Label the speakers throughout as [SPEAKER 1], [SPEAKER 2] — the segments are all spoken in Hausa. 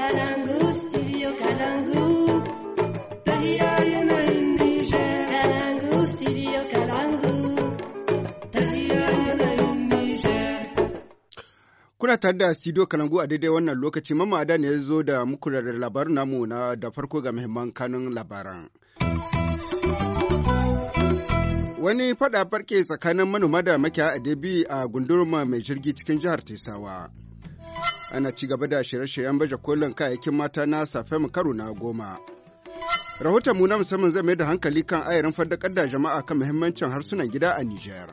[SPEAKER 1] Kalangu, studio
[SPEAKER 2] Kuna tare da studio Kalangu a daidai wannan lokaci mamada ne ya zo da muku da labarin namu na da farko ga muhimman kanun labaran. Wani fada farke tsakanin manoma da makiya a Debi a gundurma mai jirgi cikin jihar Tesawa. ana ci gaba da shirye-shiryen baje kolin kayayyakin mata na safem karo na goma. Rahoton mu na musamman zai mai da hankali kan ayarin faddakar da jama'a kan muhimmancin harsunan gida a Nijar.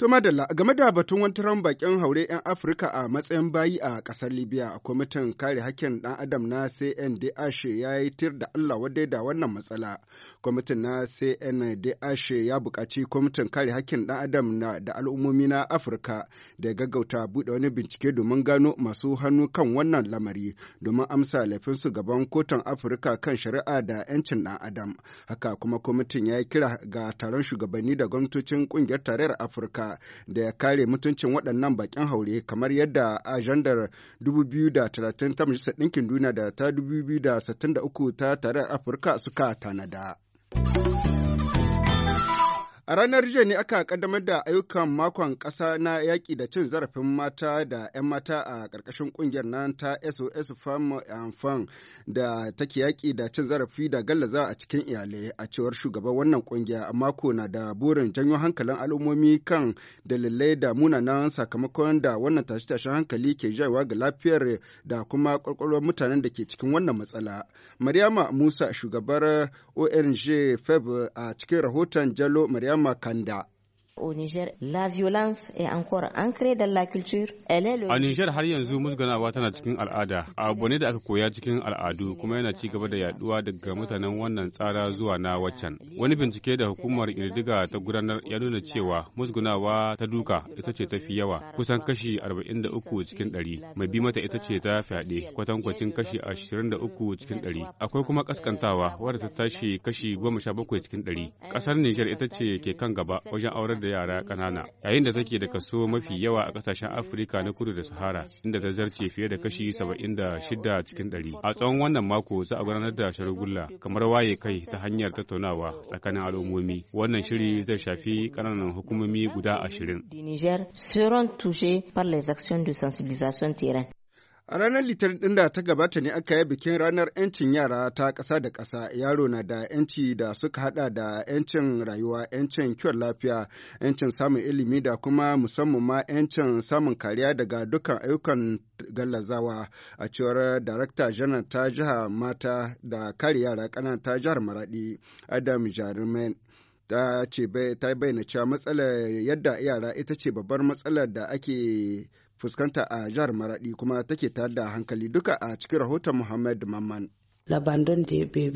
[SPEAKER 2] To madalla game da batun wantaran bakin haure 'yan Afirka a matsayin bayi a ƙasar Libya, kwamitin kare hakkin ɗan adam na CNDH ya yi tir da Allah wadai da wannan matsala. Kwamitin na CNDH ya buƙaci kwamitin kare hakkin ɗan adam na da al'ummomi na Afirka da ya gaggauta buɗe wani bincike domin gano masu hannu kan wannan lamari domin amsa laifinsu gaban kotun Afirka kan shari'a da 'yancin ɗan adam. Haka kuma kwamitin ya yi kira ga taron shugabanni da gwamnatocin ƙungiyar tarayyar Afirka da ya kare mutuncin waɗannan bakin haure kamar yadda ajandar 2030 ta Majalisar Ɗinkin Duniya da ta 2063 ta Tarayyar Afirka suka tanada. A ranar jiya ne aka kaddamar da ayyukan makon ƙasa na yaƙi da cin zarafin mata da 'yan mata a ƙarƙashin ƙungiyar nan ta SOS Femme Enfant da take yaƙi da cin zarafi da gallaza a cikin iyalai a cewar shugaban wannan ƙungiya a mako na da burin janyo hankalin al'ummomi kan dalilai da munanan sakamakon da wannan tashe-tashen hankali ke jaiwa ga lafiyar da kuma ƙwaƙwalwar mutanen da ke cikin wannan matsala. Maryama Musa shugabar ONG Feb a cikin rahoton Jalo Maryama Makanda. au Niger, la violence est encore ancrée dans la culture. Elle est le... A
[SPEAKER 3] Niger har yanzu musganawa tana cikin al'ada, abu ne da aka koya cikin al'adu kuma yana ci gaba da yaduwa daga mutanen wannan tsara zuwa na waccan. Wani bincike da hukumar irdiga ta gudanar ya nuna cewa musgunawa ta duka ita ce ta yawa, kusan kashi 43 cikin 100. Mai bi mata ita ce ta fyaɗe, kwatankwacin kashi 23 cikin 100. Akwai kuma kaskantawa wadda ta tashi kashi 17 cikin 100. Ƙasar Niger ita ce ke kan gaba wajen aurar da yara ƙanana yayin da take da kaso mafi yawa a ƙasashen afirka na kudu da sahara inda ta zarce fiye da kashi saba'in da shida cikin ɗari a tsawon wannan mako za a gudanar da shargulla kamar waye kai ta hanyar tattaunawa tsakanin al'ummomi wannan shiri zai shafi ƙananan hukumomi guda ashirin.
[SPEAKER 2] A ranar Litinin ɗin da ta gabata ne aka yi bikin ranar 'yancin yara ta ƙasa da ƙasa. Yaro na da 'yanci da suka hada da 'yancin rayuwa, 'yancin kiwon lafiya, 'yancin samun ilimi da kuma musamman ma 'yancin samun kariya daga dukkan ayyukan gallazawa a cewar darakta janar ta jiha mata da kare yara ƙanan ta jihar Maradi Adam Jarumin ta ce ta bayyana cewa matsalar yadda yara ita ce babbar matsalar da ake fuskanta a jihar Maradi kuma take tare da hankali duka a cikin rahoton Muhammad Mamman.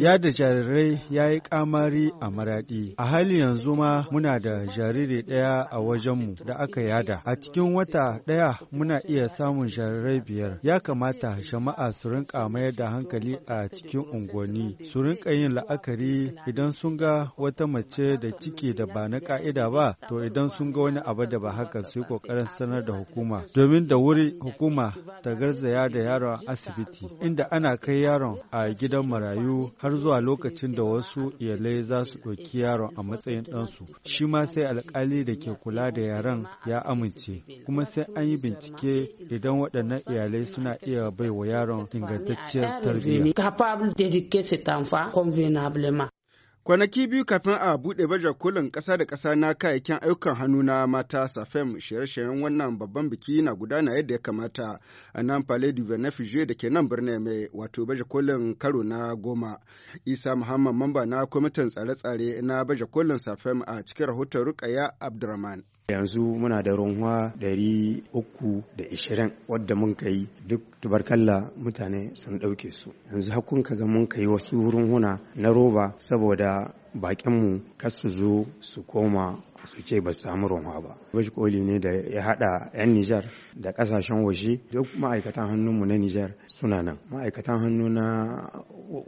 [SPEAKER 1] Ya da jarirai ya yi kamari a maraɗi. A hali yanzu ma muna da jariri ɗaya a wajenmu da aka yada. A cikin wata ɗaya muna iya samun jarirai biyar. Ya kamata jama'a su rinka mayar da hankali a cikin unguwanni. Su rinka yin la'akari idan sun ga wata mace da ciki da ba na ka'ida ba, to idan sun ga wani abu da ba haka su yi ƙoƙarin sanar da hukuma. Domin da wuri hukuma ta garzaya da yaron asibiti, inda ana kai yaron a gidan marayu har zuwa lokacin da wasu iyalai za su ɗauki yaron a matsayin ɗansu. Shi ma sai alkali da ke kula da yaran ya amince, kuma sai an yi bincike idan waɗannan iyalai suna iya baiwa yaron ingantacciyar
[SPEAKER 3] tarbiyya.
[SPEAKER 2] Kwanaki biyu kafin a buɗe baje kolin ƙasa da ƙasa na kayayyakin ayyukan hannu na mata Safem shirye-shiryen wannan babban biki na gudana yadda ya kamata a nan Palais du Benefice da ke nan birnin mai wato baje kolin karo na goma. Isa Muhammad mamba na kwamitin tsare-tsare na baje kolin Safem a cikin rahoton Rukaya Abdurrahman.
[SPEAKER 1] yanzu muna da runwa 320 wadda mun kai duk tubarkalla mutane sun ɗauke su yanzu hakun ga mun kai wasu runhuna na roba saboda mu kas su zo su koma su ce ba samu runwa ba. Bashi koli ne da ya haɗa 'yan Nijar da ƙasashen waje duk ma'aikatan mu na Nijar suna nan. Ma'aikatan hannu na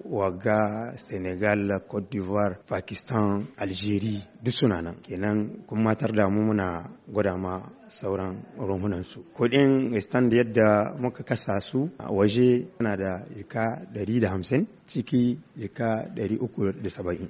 [SPEAKER 1] Waga, Senegal, Cote d'Ivoire, Pakistan, Algeria duk suna nan. Kenan kun matar da mu muna gwada ma sauran su. Kuɗin stand yadda muka kasa su a waje yana da jika 150 ciki jika 370.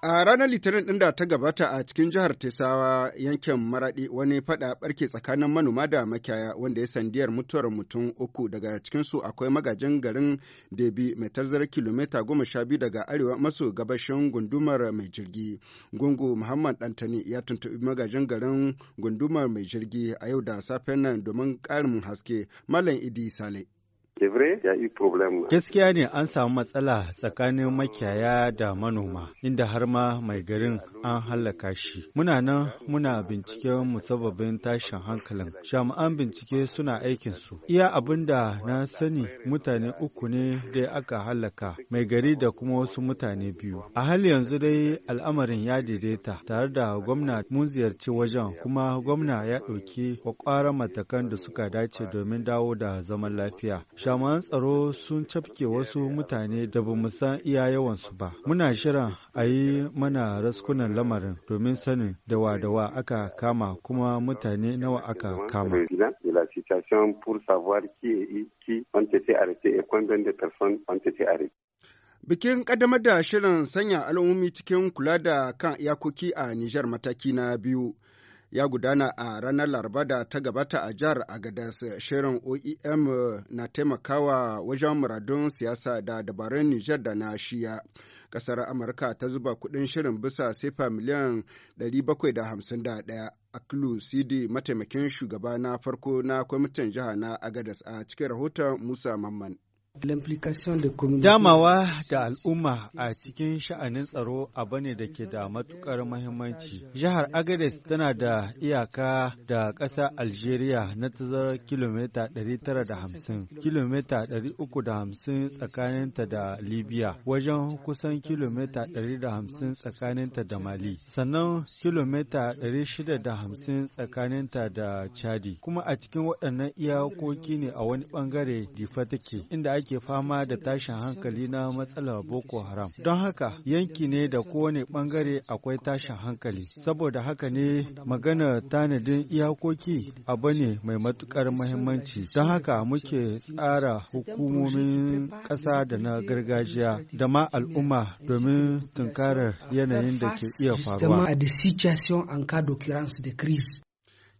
[SPEAKER 2] A ranar Litinin ɗin da ta gabata a cikin jihar Tesawa yankin Maraɗi wani faɗa ɓarke tsakanin manoma da makiyaya wanda ya sandiyar mutuwar mutum uku daga cikinsu akwai magajin garin Debi mai tarzar kilomita goma sha biyu daga arewa maso gabashin gundumar mai jirgi. Gungu Muhammad Dantani ya tuntubi magajin garin gundumar mai jirgi a yau da safen nan domin ƙarin haske Malam Idi Sale.
[SPEAKER 1] ya yi problem.
[SPEAKER 2] Gaskiya ne an samu matsala tsakanin makiyaya
[SPEAKER 1] da manoma, inda har ma mai garin an hallaka shi. Muna nan muna binciken musabbabin tashin hankalin. Jami'an bincike suna aikin su. Iya abin da na sani mutane uku ne da aka hallaka, mai gari da kuma wasu mutane biyu. A hali yanzu dai al'amarin ya daidaita tare da gwamna mun ziyarci wajen kuma gwamna ya ɗauki kwakwaran matakan da suka dace domin dawo da zaman lafiya. jami'an tsaro sun cafke wasu mutane da ba mu san iya yawansu ba. Muna shirin a yi mana raskunan lamarin domin sanin dawa dawa aka kama kuma mutane nawa aka kama.
[SPEAKER 2] Bikin ƙaddamar da shirin sanya al'ummi cikin kula da kan iyakoki a Nijar mataki na biyu ya gudana a ranar laraba da ta gabata a jihar agadas shirin oem eh, na taimakawa wajen muradun siyasa da dabarun nijar da na shiya kasar amurka ta zuba kudin shirin bisa sefa miliyan 751 kilo cd mataimakin shugaba na farko na kwamitin jiha na agadas a cikin rahoton musa mamman Damawa
[SPEAKER 1] da al'umma a cikin sha'anin tsaro abu ne da ke da matukar mahimmanci.
[SPEAKER 2] Jihar Agades
[SPEAKER 1] tana da iyaka da ƙasa Algeria na tazarar kilomita 950, kilomita 350 tsakaninta da Libya, wajen kusan kilomita 150 tsakaninta da Mali, sannan kilomita 650 tsakaninta da Chadi. Kuma a cikin waɗannan iyakoki ne a wani ɓangare Difa take, inda ake ke fama da tashin hankali na matsala Boko Haram. Don haka yanki ne da kowane bangare akwai tashin hankali. Saboda haka ne magana tanadin iyakoki abu ne mai matukar muhimmanci. Don haka muke tsara hukumomin ƙasa da na gargajiya da ma al'umma domin tunkarar yanayin da ke iya faruwa.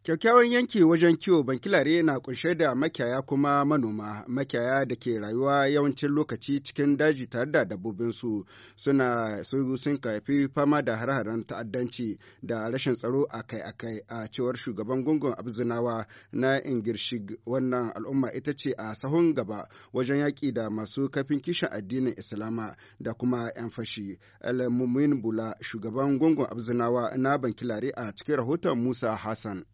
[SPEAKER 2] Kyakkyawan yanki wajen kiwo bankilare na kunshe da makiyaya kuma manoma, makiyaya da ke rayuwa yawancin lokaci cikin daji tare da dabbobinsu suna sun kafi fama da har-haren ta'addanci da rashin tsaro akai-akai a cewar shugaban gungun abzinawa na Ingirshig wannan al'umma ita ce a sahun gaba wajen yaƙi da masu kafin kishin addinin Islama da kuma 'yan fashi. al Bula shugaban gungun abzinawa na bankilare a cikin rahoton Musa Hassan.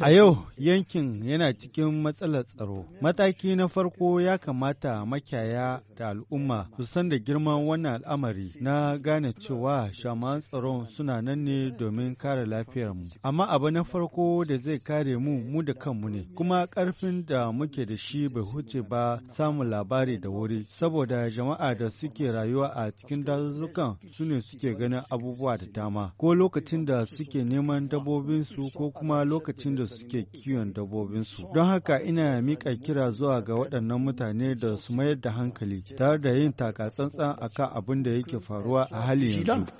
[SPEAKER 1] A yau yankin yana cikin matsalar tsaro. Mataki na farko ya kamata makiyaya da al'umma su san da girman wannan al'amari na gane cewa shaman tsaron suna nan ne domin kare mu. Amma abu na farko da zai kare mu mu da kanmu ne, kuma karfin da muke da shi bai huce ba samun labari da wuri, saboda jama'a da suke rayuwa a cikin dazuzzukan su ne suke ganin abubuwa da dama, ko lokacin da suke neman dabbobinsu ko kuma lokacin da suke kiwon dabbobin su. Don haka ina miƙa kira zuwa ga waɗannan mutane da su mayar da hankali tare da yin takatsantsan akan abin da yake faruwa a hali yanzu.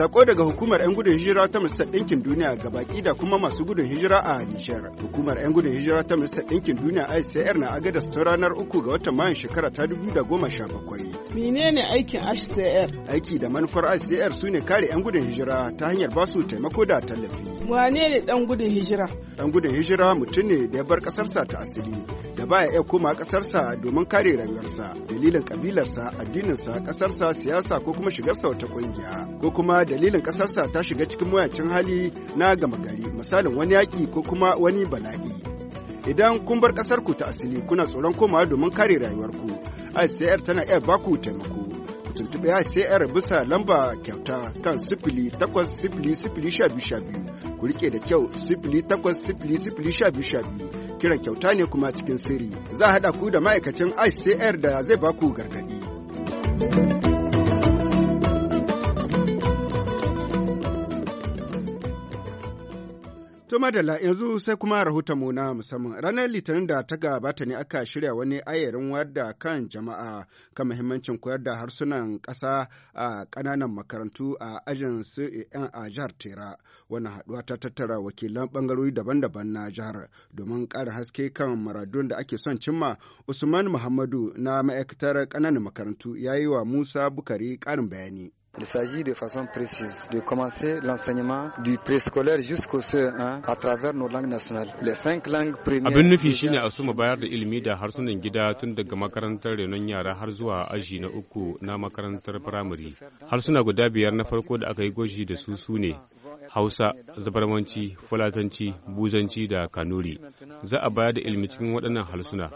[SPEAKER 2] Sako daga hukumar 'yan gudun hijira ta Mista Ɗinkin Duniya ga baki da kuma masu gudun hijira a Nijar. Hukumar 'yan gudun hijira ta Mista Ɗinkin Duniya ICR na agadas ta ranar uku ga watan Mayun shekara ta dubu goma sha bakwai. Menene aikin ICR? Aiki da manufar ICR su ne kare 'yan gudun hijira ta hanyar basu taimako da tallafi. Wane ne ɗan gudun hijira? Ɗan gudun hijira mutum ne da ya bar ƙasarsa ta asiri da baya iya koma kasarsa domin kare rayuwarsa, dalilin ƙabilarsa addininsa kasarsa siyasa ko kuma shigarsa wata ƙungiya ko kuma dalilin ƙasarsa ta shiga cikin mayacin hali na gama gari misalin wani yaƙi ko kuma wani bala'i. idan kun bar ƙasarku ta asali kuna tsoron komawa domin kare rayuwarku ICR tana iya baku taimako ku tuntuɓe ya sayar bisa lamba kyauta kan sifili takwas sifili sifili sha biyu sha biyu ku rike da kyau sifili takwas sifili sifili sha biyu sha biyu kiran kyauta ne kuma cikin sirri za a haɗa ku da ma'aikacin ICR da zai baku gargaɗi. To madalla yanzu sai kuma mu na musamman ranar litinin da ta gabata ne aka shirya wani ayarin wadda kan jama'a kan muhimmancin koyar da harsunan ƙasa a ƙananan makarantu a ajin CAN a jihar Tera. Wannan haɗuwa ta tattara wakilan ɓangarori daban-daban na jihar domin ƙarin haske kan maradun da ake son cimma Usman Muhammadu na ma'aikatar ƙananan makarantu ya yi wa Musa Bukari ƙarin bayani. Il s'agit de façon précise de commencer l'enseignement du préscolaire
[SPEAKER 1] jusqu'au CE1 à travers nos langues nationales. Les cinq langues premières. Abin
[SPEAKER 3] nufi shine a suma bayar da ilimi da harsunan gida tun daga makarantar renon yara har zuwa aji na uku na makarantar firamare. Harsuna guda biyar na farko da aka yi goji da su su ne Hausa, Zabarmanci, Fulatanci, Buzanci da Kanuri. Za a bayar da ilimi cikin waɗannan halsuna.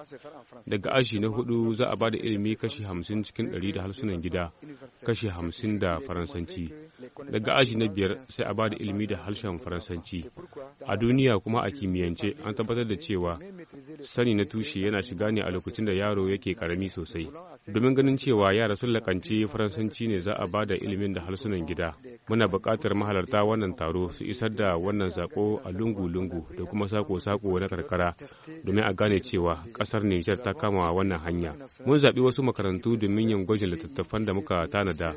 [SPEAKER 3] Daga ashi na hudu za a ba da ilimi kashi hamsin cikin ɗari da halsunan gida, kashi hamsin da Faransanci. Daga ashi na biyar sai a ba da ilimi da harshen Faransanci. A duniya kuma a kimiyyance an tabbatar da cewa sani na tushe yana shiga ne a lokacin da yaro yake karami sosai. Domin ganin cewa yara sun lakance Faransanci ne za a ba da ilimin da harsunan gida. Muna buƙatar mahalarta wannan taro su isar da wannan sako a lungu-lungu da kuma sako-sako na karkara domin a gane cewa kasar Nijar ta kama wannan hanya. Mun zaɓi wasu makarantu domin yin gwajin littattafan da muka tanada.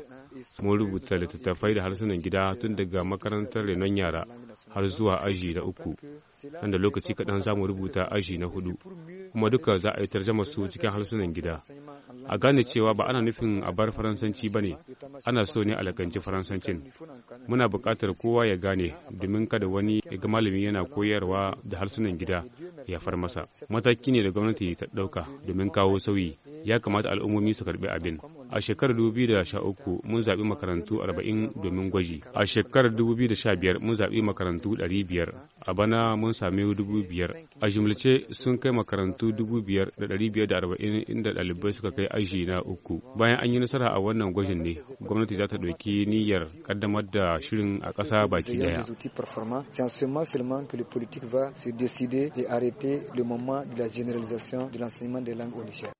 [SPEAKER 3] Mun rubuta littattafai da harsunan gida tun daga makarantar renon yara har zuwa aji na uku nan da lokaci kaɗan za mu rubuta aji na hudu kuma duka za a yi tarjama su cikin harsunan gida a gane cewa ba ana nufin a bar faransanci ba ne ana so ne alakanci faransancin muna buƙatar kowa ya gane domin kada wani ya ga malami yana koyarwa da harsunan gida ya far masa mataki ne da gwamnati ta ɗauka domin kawo sauyi ya kamata al'ummomi su karbi abin a shekarar 2013 mun zaɓi makarantu 40 domin gwaji a shekarar 2015 mun zaɓi makarantu 500 a bana mun sami 5,000 a jimlice sun kai makarantu 5,540 inda ɗalibai suka kai aji na uku bayan an yi nasara a wannan gwajin ne gwamnati za ta ɗauki niyyar ƙaddamar da shirin a ƙasa baki daya
[SPEAKER 1] politique va se décider et arrêter le moment de la généralisation de l'enseignement des langues au Niger.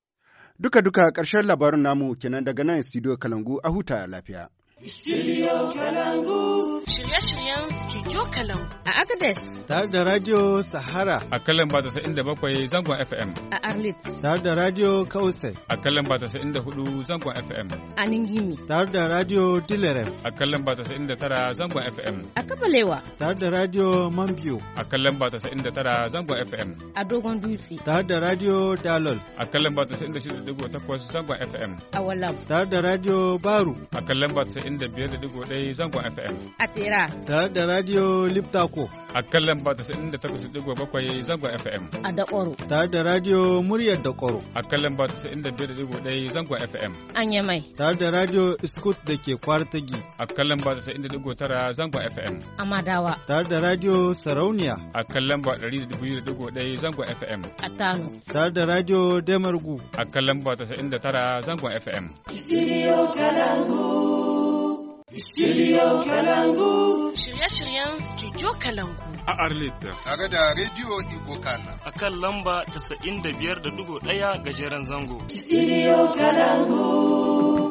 [SPEAKER 2] Duka-duka karshen labarin namu kenan daga nan studio Kalangu a huta lafiya.
[SPEAKER 1] Studio Kalangu. shirye-shiryen Studio Kalangu.
[SPEAKER 2] A Agadez.
[SPEAKER 3] Tare da Radio Sahara. A kalan ba da bakwai zangon FM. A Arlit. Tare da Radio Kausai. A kalan ba da hudu zangon FM. A Ningimi. Tare da Radio Dilerem. A kalan ba da tara zangon FM.
[SPEAKER 2] A Kabalewa.
[SPEAKER 3] Tare da Radio Mambiyo. A kalan ba da tara zangon FM.
[SPEAKER 2] A Dogon Dutse.
[SPEAKER 3] Tare da Radio Dalol. A kalan ba da takwas zangon FM.
[SPEAKER 1] A Walam. Tare da Radio Baru.
[SPEAKER 3] A kalan ba da biyar da zangon FM. A Tera. Tare da Radio Liptako. A kan lamba bakwai zangon FM. A Dakoro. Tare da Radio Muryar Dakoro. A kan lamba ɗaya zangon FM. An Yamai. Tare da Radio Scoot da ke Kwartagi. A kan lamba tara zangon FM. A Madawa. Tare da
[SPEAKER 1] Radio Sarauniya.
[SPEAKER 3] A kan lamba ɗaya zangon FM. A Tano. Tare
[SPEAKER 1] da Radio Demargu.
[SPEAKER 3] A kan lamba tara zangon FM. Studio
[SPEAKER 1] Kalangu.
[SPEAKER 3] Studio Kalangu.
[SPEAKER 1] Shirye-shiryen Studio
[SPEAKER 2] Kalangu.
[SPEAKER 3] A Arlita. Tare da Radio Igokana. A kan lamba 95.1 gajeren zango.
[SPEAKER 2] Studio Kalangu.